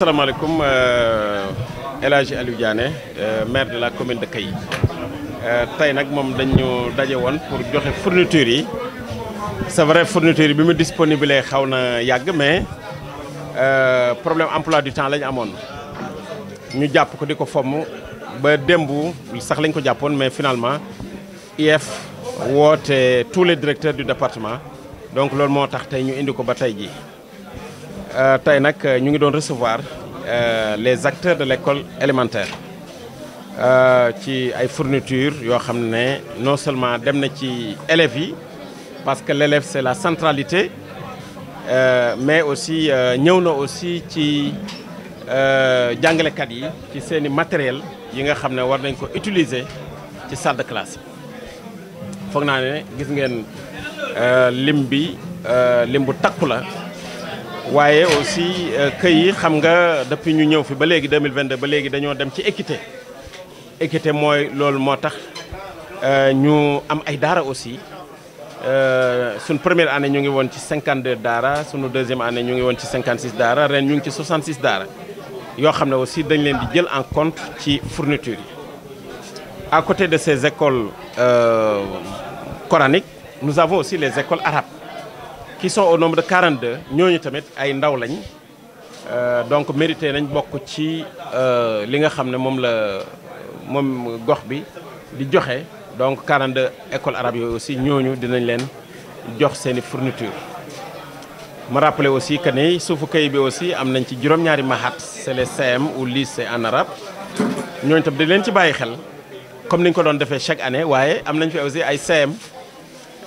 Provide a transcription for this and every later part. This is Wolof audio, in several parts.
asalaamaaleykum euh, Elage Aliou euh, maire de la commune de Kayi euh, tey nag moom dañu daje woon pour joxe fourniture yi c'est vrai fourniture yi disponible mais le yàgg mais euh, problème emploi du temps lañ amoon ñu jàpp ko di ko fomm ba sax lañ ko mais finalement IF woote tous les directeurs du département donc loolu moo tax tey ñu indi ko ba ji euh, tay nak euh, ñu ngi doon recevoir euh, les acteurs de l'école élémentaire ci ay fournitures yo xamné non seulement dem na ci élèves yi parce que l'élève c'est la centralité mais aussi ñëw na aussi ci kat yi ci seeni matériel yi nga xamné war nañ ko utiliser ci salle de classe foog naa ne gis ngeen lim bi lim bu takku la waye aussi euh, këy xam nga depuis ñu ñëw fi ba légui 2022 ba légui dañoo dem ci équité équité moy lool motax euh ñu am ay dara aussi euh, suñ première année ñu ngi won ci 52 dara sunu deuxième année ñu ngi ci 56 dara ren ñu ngi ci 66 dara yo xam aussi dañ leen di jël en compte ci fourniture à côté de ces écoles euh, coraniques nous avons aussi les écoles arabes qui sont au nombre de 42 ñooñu tamit ay ndaw lañ euh, donc mérité nañ bokk ci euh, li nga xam ne moom la moom gox bi di joxe donc 42 écoles arabes yooyu aussi ñooñu dinañ leen jox seeni fourniture ma rappelé aussi que ni Soufou kay aussi am nañ ci juróom-ñaari mahat c'est le CM ou lycée en arabe ñooñu tam di leen ci bàyyi xel comme ni ñu ko doon defee chaque année waaye am nañ fi aussi ay CM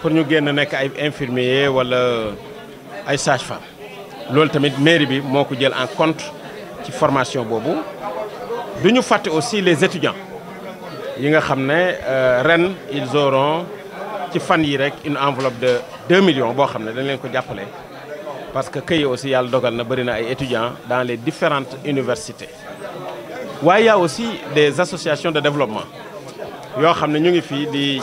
pour nous génn nekk ay infirmiers wala ay sage-femme loolu tamit mairie bi moo ko jël en compte ci formation Nous avons aussi les étudiants yi nga euh, ils auront ci fan une enveloppe de 2 millions boo xam dañ leen ko parce que aussi des dogal étudiants dans les différentes universités il y a aussi des associations de développement Nous avons fait ñu ngi fii di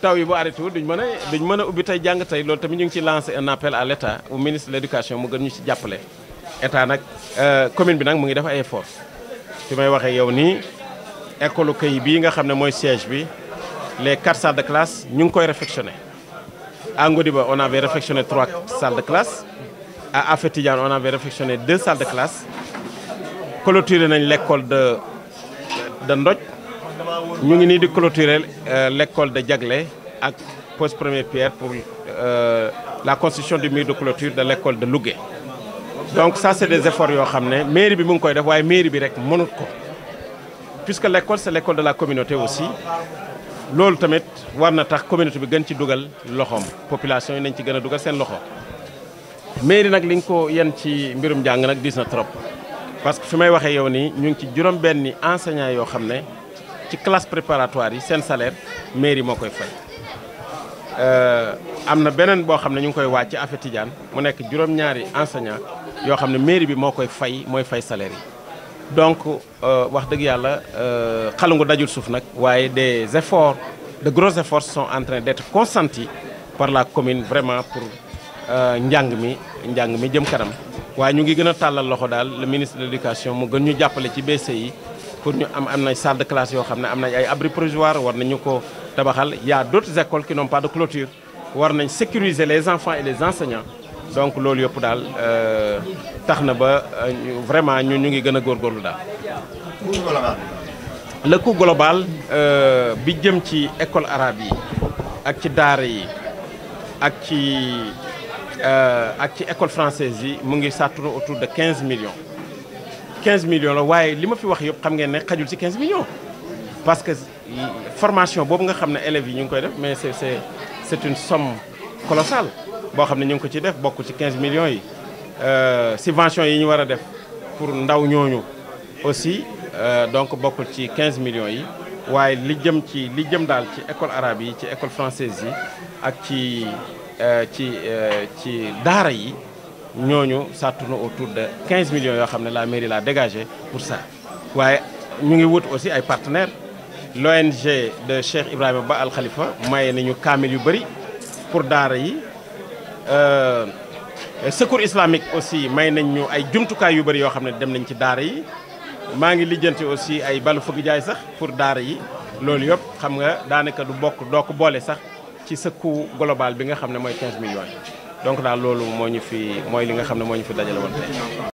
taw yi bu arrêté wu duñ mën a duñ mën a ubbi tey jàng tey loolu tamit ñu ngi ci lancé un appel à l' état au ministre de l' mu gën ñu ci jàppale. état nag euh, commune bi nag mu ngi def ay effort fi may waxee yow nii école këy bii nga xam ne mooy siège bi les quatre salles de classe ñu ngi koy réfectionné. à Ngodiba on avait réfectionné trois salles de classe à Afet Tidiane on avait réfectionné deux salles de classe clôturé nañ l' école de de Ndoj. Nous avons clôturé l'école de Diaglé pose première pierre pour euh, la construction du mur de clôture de l'école de Lougué donc ça c'est des efforts que mairie mairie puisque l'école c'est l'école de la communauté aussi loolu communauté population yi mairie que nous parce que enseignants ci classe préparatoire yi seen salaire mairie moo koy fay euh, am na beneen boo xam ne ñu ngi koy wàcc ci Affe Tidiane mu nekk juróom-ñaari enseignant yoo xam ne mairie bi moo koy fay mooy fay salaire yi donc euh, wax dëgg yàlla euh, xalangu dajul suuf nag waaye des efforts de gros efforts sont en train d'être consentis par la commune vraiment pour njàng mi njàng mi jëm kanam waaye ñu ngi gën a tàllal loxo daal le ministre de l'éducation mu gën ñu jàppale ci BCI pour ñu am am salle de classe yo xamné ne am ay abri provisoire war nañu ko tabaxal y a d'autres écoles qui n'ont pas de clôture war nañ sécuriser les enfants et les enseignants donc loolu yop dal euh taxna ba euh, vraiment ñu ñu ngi gor dal le coût global euh, bi jëm ci école arabe yi ak ci daara yi ak ci euh, ak ci école française yi mu ngi ça tourne autour de 15 millions. 15 millions ce que je wax 15 millions. parce que la formation si nga mais c'est une somme colossale Si ñu 15 millions yi euh, subvention yi pour ndaw aussi euh, donc beaucoup de 15 millions yi waaye qui jëm ci arabe française yi ak ci euh, ci nous avons autour de 15 millions yoo xam la mairie l'a dégagé pour ça Nous ñu ngi wut aussi ay partenaires l'ONG de Cheikh Ibrahima Ba Al Khalifa maye nañu kaamil yu bëri pour daara yi euh, secours islamique aussi may nañ ñu ay jumtukaay yu bëri yoo xam dem nañ ci daara yi ngi aussi ay balu fëgg jaay sax pour daara yi loolu yop xam nga daanaka du bokk doo bolé sax ci sa global bi nga xamné moy 15 millions donc daal loolu moo ñu fi moy li nga xam ne moo ñu fi dajale woon tey